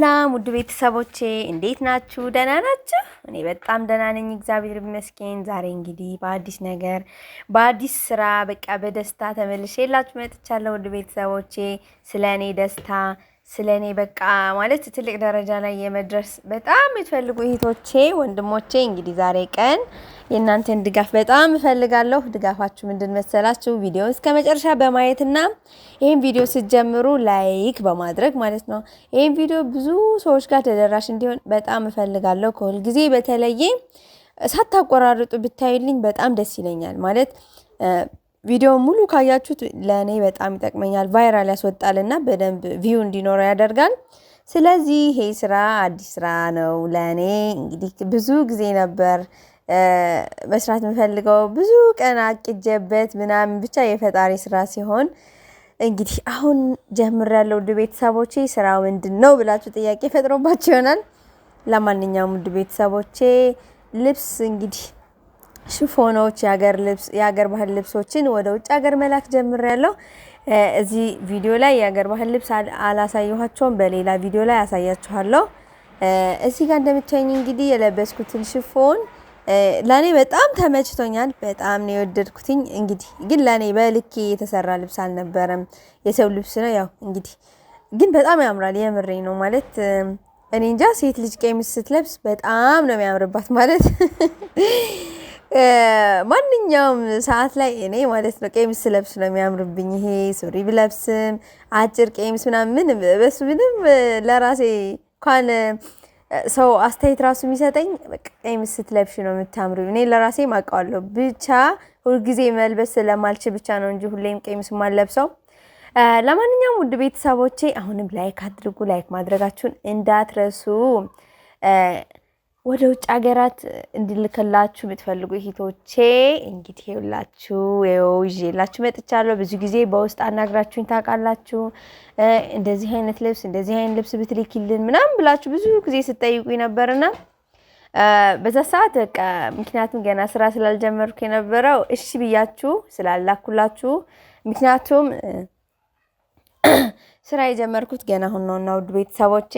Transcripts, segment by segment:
ሰላም ውድ ቤተሰቦቼ እንዴት ናችሁ? ደህና ናችሁ? እኔ በጣም ደህና ነኝ፣ እግዚአብሔር ይመስገን። ዛሬ እንግዲህ በአዲስ ነገር በአዲስ ስራ በቃ በደስታ ተመልሼ የላችሁ መጥቻለሁ። ውድ ቤተሰቦቼ ስለ እኔ ደስታ ስለ እኔ በቃ ማለት ትልቅ ደረጃ ላይ የመድረስ በጣም የምትፈልጉ እህቶቼ፣ ወንድሞቼ እንግዲህ ዛሬ ቀን የእናንተን ድጋፍ በጣም እፈልጋለሁ። ድጋፋችሁ ምንድን መሰላችሁ? ቪዲዮን እስከ መጨረሻ በማየትና ይህን ቪዲዮ ስትጀምሩ ላይክ በማድረግ ማለት ነው። ይህን ቪዲዮ ብዙ ሰዎች ጋር ተደራሽ እንዲሆን በጣም እፈልጋለሁ። ከሁል ጊዜ በተለየ ሳታቆራርጡ ብታዩልኝ በጣም ደስ ይለኛል ማለት ቪዲዮ ሙሉ ካያችሁት ለእኔ በጣም ይጠቅመኛል። ቫይራል ያስወጣል እና በደንብ ቪው እንዲኖረው ያደርጋል። ስለዚህ ይሄ ስራ አዲስ ስራ ነው ለእኔ። እንግዲህ ብዙ ጊዜ ነበር መስራት የምፈልገው ብዙ ቀን አቅጀበት ምናምን፣ ብቻ የፈጣሪ ስራ ሲሆን እንግዲህ አሁን ጀምሬያለሁ። ውድ ቤተሰቦቼ ስራው ምንድን ነው ብላችሁ ጥያቄ ፈጥሮባችሁ ይሆናል። ለማንኛውም ውድ ቤተሰቦቼ ልብስ እንግዲህ ሽፎኖች የሀገር ባህል ልብሶችን ወደ ውጭ ሀገር መላክ ጀምሬያለሁ። እዚህ ቪዲዮ ላይ የሀገር ባህል ልብስ አላሳየኋቸውም፣ በሌላ ቪዲዮ ላይ አሳያችኋለሁ። እዚህ ጋር እንደምታዩኝ እንግዲህ የለበስኩትን ሽፎን ለእኔ በጣም ተመችቶኛል። በጣም ነው የወደድኩትኝ። እንግዲህ ግን ለእኔ በልኬ የተሰራ ልብስ አልነበረም። የሰው ልብስ ነው ያው እንግዲህ ግን በጣም ያምራል። የምሬ ነው ማለት እኔ እንጃ ሴት ልጅ ቀሚስ ስትለብስ በጣም ነው የሚያምርባት ማለት ማንኛውም ሰዓት ላይ እኔ ማለት ነው ቀሚስ ስለብስ ነው የሚያምርብኝ። ይሄ ሱሪ ብለብስም አጭር ቀሚስ ምናምን በሱ ምንም ለራሴ እንኳን ሰው አስተያየት ራሱ የሚሰጠኝ ቀሚስ ስትለብሽ ነው የምታምሪ። እኔ ለራሴ አውቀዋለሁ። ብቻ ሁልጊዜ መልበስ ስለማልችል ብቻ ነው እንጂ ሁሌም ቀሚስ ማለብሰው። ለማንኛውም ውድ ቤተሰቦቼ አሁንም ላይክ አድርጉ፣ ላይክ ማድረጋችሁን እንዳትረሱ። ወደ ውጭ ሀገራት እንድልክላችሁ የምትፈልጉ ሂቶቼ እንግዲህ ይኸውላችሁ ይዤላችሁ መጥቻለሁ። ብዙ ጊዜ በውስጥ አናግራችሁኝ ታውቃላችሁ። እንደዚህ አይነት ልብስ እንደዚህ አይነት ልብስ ብትልኪልን ምናምን ብላችሁ ብዙ ጊዜ ስጠይቁኝ ነበርና በዛ ሰዓት በቃ ምክንያቱም ገና ስራ ስላልጀመርኩ የነበረው እሺ ብያችሁ ስላላኩላችሁ ምክንያቱም ስራ የጀመርኩት ገና አሁን ነውና ውድ ቤተሰቦቼ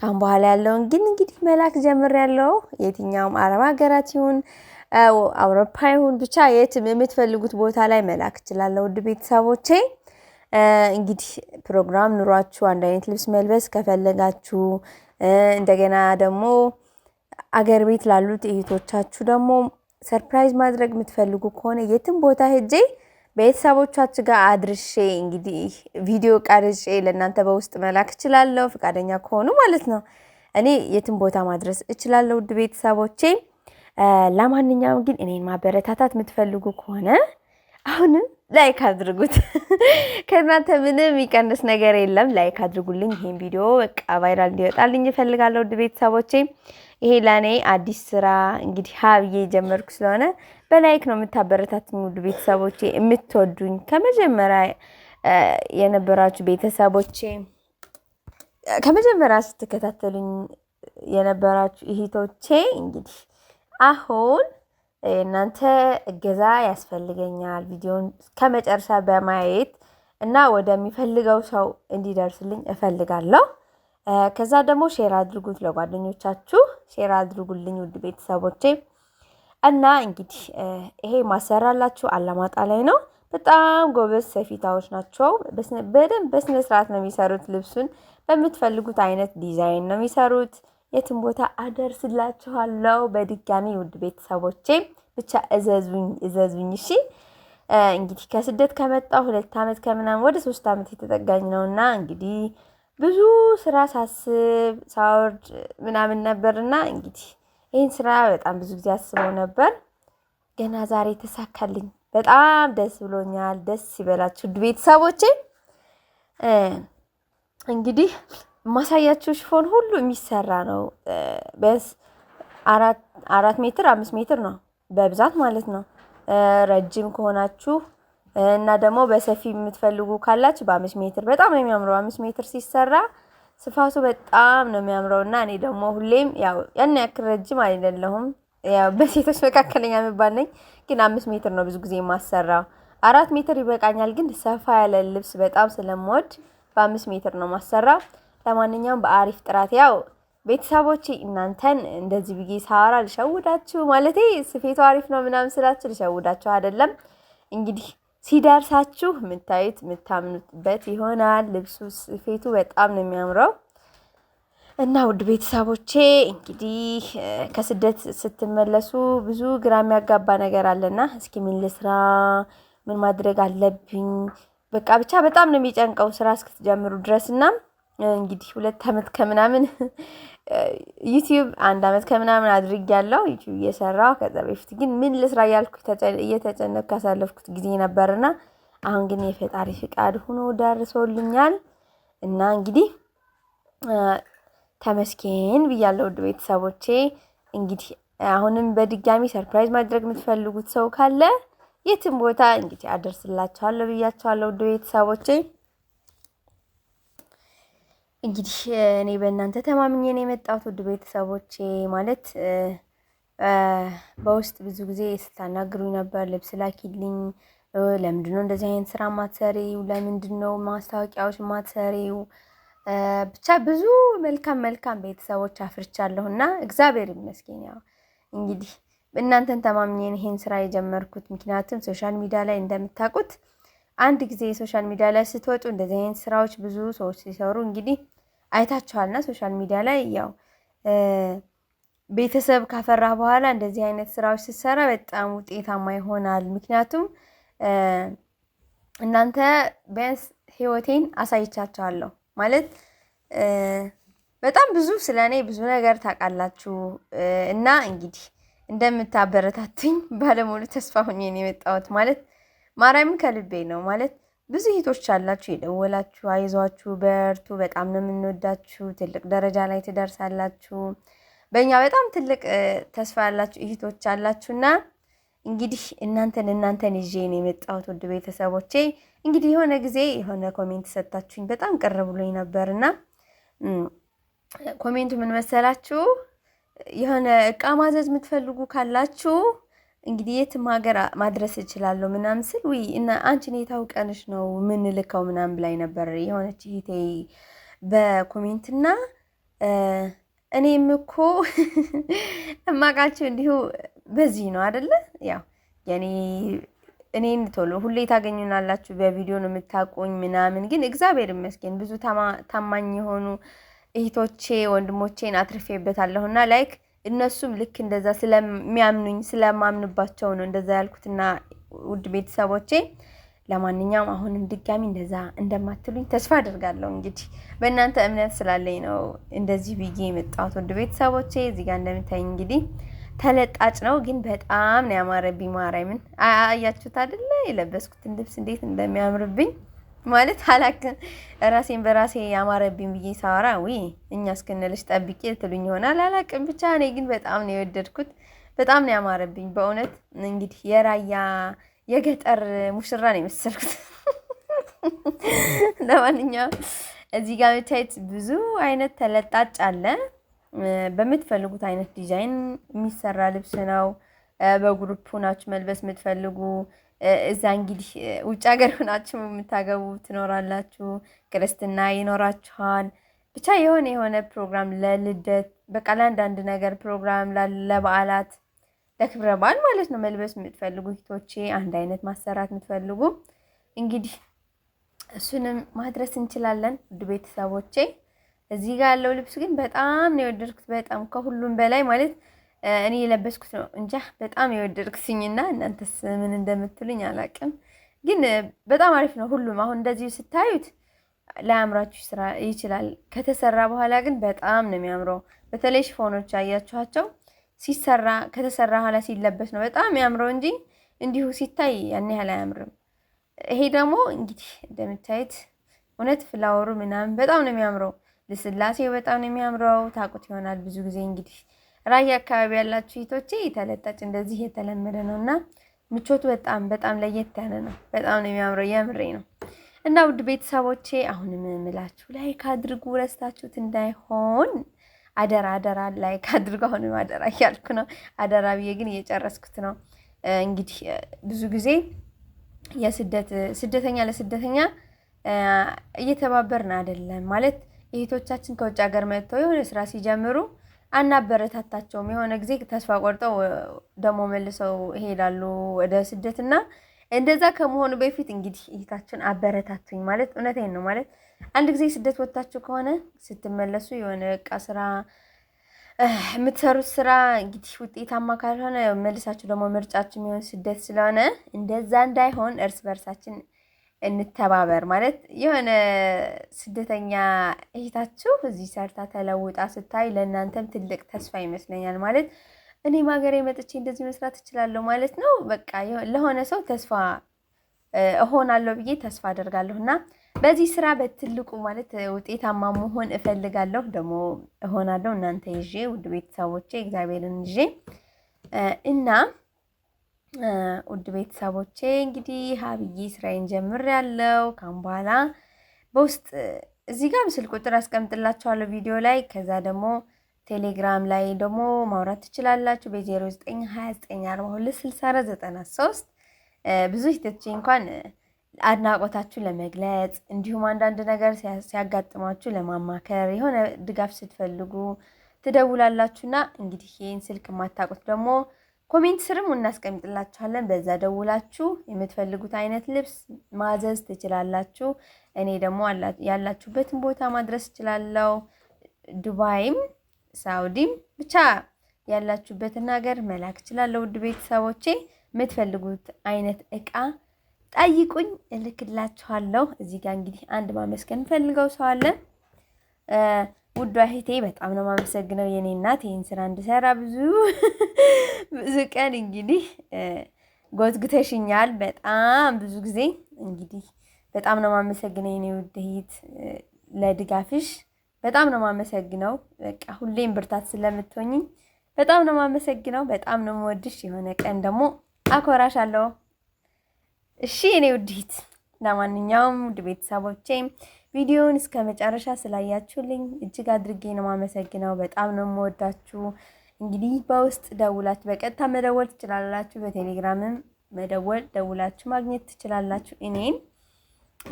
ካሁን በኋላ ያለውን ግን እንግዲህ መላክ ያለው የትኛውም አረብ ሀገራት ይሁን አውሮፓ ይሁን ብቻ የትም የምትፈልጉት ቦታ ላይ መላክ እችላለሁ። ውድ ቤተሰቦቼ እንግዲህ ፕሮግራም ኑሯችሁ አንድ አይነት ልብስ መልበስ ከፈለጋችሁ እንደገና ደግሞ አገር ቤት ላሉት እህቶቻችሁ ደግሞ ሰርፕራይዝ ማድረግ የምትፈልጉ ከሆነ የትም ቦታ ሄጄ ቤተሰቦቻች ጋር አድርሼ እንግዲህ ቪዲዮ ቀርጬ ለእናንተ በውስጥ መላክ እችላለሁ፣ ፈቃደኛ ከሆኑ ማለት ነው። እኔ የትም ቦታ ማድረስ እችላለሁ፣ ውድ ቤተሰቦቼ። ለማንኛውም ግን እኔን ማበረታታት የምትፈልጉ ከሆነ አሁንም ላይክ አድርጉት። ከእናንተ ምንም የሚቀንስ ነገር የለም። ላይክ አድርጉልኝ። ይህን ቪዲዮ በቃ ቫይራል እንዲወጣልኝ እፈልጋለሁ፣ ውድ ቤተሰቦቼ። ይሄ ለእኔ አዲስ ስራ እንግዲህ ሀብዬ ጀመርኩ ስለሆነ በላይክ ነው የምታበረታት ሙሉ ቤተሰቦቼ የምትወዱኝ ከመጀመሪያ የነበራችሁ ቤተሰቦቼ ከመጀመሪያ ስትከታተሉኝ የነበራችሁ እህቶቼ እንግዲህ አሁን እናንተ እገዛ ያስፈልገኛል። ቪዲዮን ከመጨረሻ በማየት እና ወደሚፈልገው ሰው እንዲደርስልኝ እፈልጋለሁ። ከዛ ደግሞ ሼር አድርጉት ለጓደኞቻችሁ፣ ሼር አድርጉልኝ ውድ ቤተሰቦቼ። እና እንግዲህ ይሄ ማሰራላችሁ አላማጣ ላይ ነው። በጣም ጎበዝ ሰፊታዎች ናቸው። በደንብ በስነ ስርዓት ነው የሚሰሩት። ልብሱን በምትፈልጉት አይነት ዲዛይን ነው የሚሰሩት። የትም ቦታ አደርስላችኋለሁ። በድጋሚ ውድ ቤተሰቦቼ ብቻ እዘዙኝ እዘዙኝ። እሺ እንግዲህ ከስደት ከመጣሁ ሁለት ዓመት ከምናምን ወደ ሶስት ዓመት የተጠጋኝ ነውና እንግዲህ ብዙ ስራ ሳስብ ሳወርድ ምናምን ነበር እና እንግዲህ ይህን ስራ በጣም ብዙ ጊዜ አስበው ነበር። ገና ዛሬ ተሳካልኝ። በጣም ደስ ብሎኛል። ደስ ይበላችሁ ውድ ቤተሰቦቼ። እንግዲህ የማሳያችሁ ሽፎን ሁሉ የሚሰራ ነው። ቢያንስ አራት ሜትር አምስት ሜትር ነው በብዛት ማለት ነው። ረጅም ከሆናችሁ እና ደግሞ በሰፊ የምትፈልጉ ካላችሁ በአምስት ሜትር በጣም የሚያምረው አምስት ሜትር ሲሰራ ስፋቱ በጣም ነው የሚያምረው። እና እኔ ደግሞ ሁሌም ያው ያን ያክል ረጅም አይደለሁም፣ በሴቶች መካከለኛ የሚባል ነኝ። ግን አምስት ሜትር ነው ብዙ ጊዜ የማሰራው። አራት ሜትር ይበቃኛል፣ ግን ሰፋ ያለ ልብስ በጣም ስለምወድ በአምስት ሜትር ነው ማሰራ። ለማንኛውም በአሪፍ ጥራት ያው ቤተሰቦቼ እናንተን እንደዚህ ብዬ ሳወራ ልሸውዳችሁ ማለቴ ስፌቱ አሪፍ ነው ምናምን ስላችሁ ልሸውዳችሁ አይደለም እንግዲህ ሲደርሳችሁ የምታዩት የምታምኑበት ይሆናል። ልብሱ ስፌቱ በጣም ነው የሚያምረው እና ውድ ቤተሰቦቼ እንግዲህ ከስደት ስትመለሱ ብዙ ግራ የሚያጋባ ነገር አለና እስኪ ምን ልስራ፣ ምን ማድረግ አለብኝ፣ በቃ ብቻ በጣም ነው የሚጨንቀው ስራ እስክትጀምሩ ድረስ እና እንግዲህ ሁለት አመት ከምናምን ዩቲዩብ አንድ አመት ከምናምን ያለው ዩቲዩብ እየሰራ ከዛ በፊት ግን ምን ልስራ እያልኩ እየተጨነኩ ያሳለፍኩት ጊዜ ነበርና አሁን ግን የፈጣሪ ፍቃድ ሆኖ ደርሶልኛል እና እንግዲህ ተመስኬን ብያለሁ ውድ ቤተሰቦቼ። እንግዲህ አሁንም በድጋሚ ሰርፕራይዝ ማድረግ የምትፈልጉት ሰው ካለ የትም ቦታ እንግዲህ አደርስላችኋለሁ ብያችኋለሁ ውድ ቤተሰቦቼ። እንግዲህ እኔ በእናንተ ተማምኜ ነው የመጣሁት ውድ ቤተሰቦቼ። ማለት በውስጥ ብዙ ጊዜ ስታናግሩኝ ነበር፣ ልብስ ላኪልኝ፣ ለምንድነው እንደዚህ አይነት ስራ ማትሰሪው? ለምንድነው ማስታወቂያዎች ማትሰሪው? ብቻ ብዙ መልካም መልካም ቤተሰቦች አፍርቻለሁ እና እግዚአብሔር ይመስገን። ያው እንግዲህ እናንተን ተማምኘን ይሄን ስራ የጀመርኩት ምክንያቱም ሶሻል ሚዲያ ላይ እንደምታውቁት አንድ ጊዜ የሶሻል ሚዲያ ላይ ስትወጡ እንደዚህ አይነት ስራዎች ብዙ ሰዎች ሲሰሩ እንግዲህ አይታችኋልና ሶሻል ሚዲያ ላይ ያው ቤተሰብ ካፈራ በኋላ እንደዚህ አይነት ስራዎች ስትሰራ በጣም ውጤታማ ይሆናል። ምክንያቱም እናንተ ቢያንስ ህይወቴን አሳይቻቸዋለሁ ማለት በጣም ብዙ ስለ እኔ ብዙ ነገር ታውቃላችሁ እና እንግዲህ እንደምታበረታትኝ ባለሙሉ ተስፋ ሆኜ ነው የመጣሁት። ማለት ማርያምን ከልቤ ነው ማለት ብዙ ሂቶች አላችሁ የደወላችሁ አይዟችሁ በርቱ፣ በጣም ነው የምንወዳችሁ፣ ትልቅ ደረጃ ላይ ትደርሳላችሁ፣ በእኛ በጣም ትልቅ ተስፋ ያላችሁ እህቶች አላችሁና እንግዲህ እናንተን እናንተን ይዤ ነው የመጣሁት ውድ ቤተሰቦቼ። እንግዲህ የሆነ ጊዜ የሆነ ኮሜንት ሰጥታችሁኝ በጣም ቅር ብሎኝ ነበርና ኮሜንቱ ምን መሰላችሁ? የሆነ እቃ ማዘዝ የምትፈልጉ ካላችሁ እንግዲህ የትም ሀገር ማድረስ እችላለሁ ምናምን ስል ውይ እና አንቺን የታውቀንሽ ነው ምንልከው ምናምን ብላኝ ነበር የሆነች እህቴ በኮሜንትና እኔም እኮ እማቃቸው እንዲሁ በዚህ ነው አደለ? ያው የኔ እኔን ቶሎ ሁሌ ታገኙናላችሁ በቪዲዮ ነው የምታውቁኝ ምናምን፣ ግን እግዚአብሔር ይመስገን ብዙ ታማኝ የሆኑ እህቶቼ ወንድሞቼን አትርፌበታለሁና ላይክ እነሱም ልክ እንደዛ ስለሚያምኑኝ ስለማምንባቸው ነው እንደዛ ያልኩትና ውድ ቤተሰቦቼ ለማንኛውም አሁንም ድጋሚ እንደዛ እንደማትሉኝ ተስፋ አድርጋለሁ። እንግዲህ በእናንተ እምነት ስላለኝ ነው እንደዚህ ብዬ የመጣሁት ውድ ቤተሰቦቼ። እዚህ ጋር እንደምታይ እንግዲህ ተለጣጭ ነው፣ ግን በጣም ነው ያማረብኝ። ማርያምን አያችሁት አይደለ? የለበስኩትን ልብስ እንዴት እንደሚያምርብኝ ማለት አላክን ራሴን በራሴ ያማረብኝ ብዬ ሳወራ ዊ እኛ እስክንልሽ ጠብቄ ልትሉኝ ይሆናል አላቅም። ብቻ እኔ ግን በጣም ነው የወደድኩት፣ በጣም ነው ያማረብኝ በእውነት እንግዲህ የራያ የገጠር ሙሽራ ነው የመሰልኩት። ለማንኛውም እዚህ ጋር ብታይት ብዙ አይነት ተለጣጭ አለ። በምትፈልጉት አይነት ዲዛይን የሚሰራ ልብስ ነው። በግሩፕ ሁናችሁ መልበስ የምትፈልጉ እዛ እንግዲህ ውጭ ሀገር ሁናችሁ የምታገቡ ትኖራላችሁ፣ ክርስትና ይኖራችኋል። ብቻ የሆነ የሆነ ፕሮግራም ለልደት፣ በቃ ለአንዳንድ ነገር ፕሮግራም፣ ለበዓላት፣ ለክብረ በዓል ማለት ነው መልበስ የምትፈልጉ ሂቶቼ፣ አንድ አይነት ማሰራት የምትፈልጉ እንግዲህ እሱንም ማድረስ እንችላለን። ውድ ቤተሰቦቼ እዚህ ጋር ያለው ልብስ ግን በጣም ነው የወደድኩት፣ በጣም ከሁሉም በላይ ማለት እኔ የለበስኩት ነው እንጃ በጣም የወደድኩትኝና እናንተስ ምን እንደምትሉኝ አላቅም፣ ግን በጣም አሪፍ ነው ሁሉም። አሁን እንደዚሁ ስታዩት ላያምራችሁ ስራ ይችላል። ከተሰራ በኋላ ግን በጣም ነው የሚያምረው። በተለይ ሽፎኖች አያችኋቸው ሲሰራ ከተሰራ በኋላ ሲለበስ ነው በጣም ያምረው እንጂ እንዲሁ ሲታይ ያን ያህል አያምርም። ይሄ ደግሞ እንግዲህ እንደምታየት እውነት ፍላወሩ ምናምን በጣም ነው የሚያምረው። ልስላሴው በጣም ነው የሚያምረው። ታቁት ይሆናል ብዙ ጊዜ እንግዲህ ራያ አካባቢ ያላችሁ እህቶቼ ተለጣጭ እንደዚህ የተለመደ ነው እና ምቾቱ በጣም በጣም ለየት ያለ ነው። በጣም ነው የሚያምረው፣ የምሬ ነው። እና ውድ ቤተሰቦቼ አሁንም የምላችሁ ላይክ አድርጉ፣ ረስታችሁት እንዳይሆን አደራ አደራ፣ ላይክ አድርጉ። አሁንም አደራ እያልኩ ነው። አደራ ብዬ ግን እየጨረስኩት ነው። እንግዲህ ብዙ ጊዜ የስደት ስደተኛ ለስደተኛ እየተባበርን አይደለም ማለት እህቶቻችን ከውጭ ሀገር መጥተው የሆነ ስራ ሲጀምሩ አናበረታታቸውም። የሆነ ጊዜ ተስፋ ቆርጠው ደግሞ መልሰው ይሄዳሉ ወደ ስደት እና እንደዛ ከመሆኑ በፊት እንግዲህ እይታችን አበረታቱኝ ማለት እውነቴን ነው ማለት አንድ ጊዜ ስደት ወጥታችሁ ከሆነ ስትመለሱ የሆነ እቃ ስራ የምትሰሩት ስራ እንግዲህ ውጤታማ ካልሆነ መልሳችሁ ደግሞ ምርጫችሁ የሚሆን ስደት ስለሆነ እንደዛ እንዳይሆን እርስ በርሳችን እንተባበር ማለት የሆነ ስደተኛ እህታችሁ እዚህ ሰርታ ተለውጣ ስታይ ለእናንተም ትልቅ ተስፋ ይመስለኛል። ማለት እኔም ሀገሬ መጥቼ እንደዚህ መስራት እችላለሁ ማለት ነው። በቃ ለሆነ ሰው ተስፋ እሆናለሁ ብዬ ተስፋ አደርጋለሁ እና በዚህ ስራ በትልቁ ማለት ውጤታማ መሆን እፈልጋለሁ፣ ደግሞ እሆናለሁ። እናንተ ይዤ ውድ ቤተሰቦቼ እግዚአብሔርን ይዤ እና ውድ ቤተሰቦቼ እንግዲህ ሀብዬ ስራዬን ጀምሬያለሁ። ካም በኋላ በውስጥ እዚህ ጋር ምስል ቁጥር አስቀምጥላችኋለሁ ቪዲዮ ላይ። ከዛ ደግሞ ቴሌግራም ላይ ደግሞ ማውራት ትችላላችሁ በ0929426493 ብዙ ሂተች እንኳን አድናቆታችሁ ለመግለጽ እንዲሁም አንዳንድ ነገር ሲያጋጥማችሁ ለማማከር የሆነ ድጋፍ ስትፈልጉ ትደውላላችሁና እንግዲህ ይህን ስልክ የማታውቁት ደግሞ ኮሜንት ስርም እናስቀምጥላችኋለን። በዛ ደውላችሁ የምትፈልጉት አይነት ልብስ ማዘዝ ትችላላችሁ። እኔ ደግሞ ያላችሁበትን ቦታ ማድረስ እችላለሁ። ዱባይም ሳውዲም ብቻ ያላችሁበትን ሀገር መላክ እችላለሁ። ውድ ቤተሰቦቼ የምትፈልጉት አይነት እቃ ጠይቁኝ፣ እልክላችኋለሁ። እዚህ ጋር እንግዲህ አንድ ማመስገን ፈልገው ሰው አለን ውዷ እህቴ በጣም ነው የማመሰግነው የኔ እናት። ይህን ስራ እንድሰራ ብዙ ብዙ ቀን እንግዲህ ጎትጉተሽኛል። በጣም ብዙ ጊዜ እንግዲህ በጣም ነው የማመሰግነው የኔ ውድ እህት ለድጋፍሽ በጣም ነው የማመሰግነው። በቃ ሁሌም ብርታት ስለምትሆኝኝ በጣም ነው የማመሰግነው። በጣም ነው የምወድሽ። የሆነ ቀን ደግሞ አኮራሽ አለው እሺ የኔ ውድ እህት። ለማንኛውም ውድ ቤተሰቦቼ ቪዲዮውን እስከ መጨረሻ ስላያችሁልኝ እጅግ አድርጌ ነው ማመሰግነው። በጣም ነው የምወዳችሁ። እንግዲህ በውስጥ ደውላችሁ በቀጥታ መደወል ትችላላችሁ። በቴሌግራምም መደወል ደውላችሁ ማግኘት ትችላላችሁ። እኔን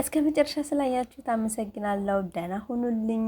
እስከ መጨረሻ ስላያችሁት አመሰግናለሁ። ደህና ሁኑልኝ።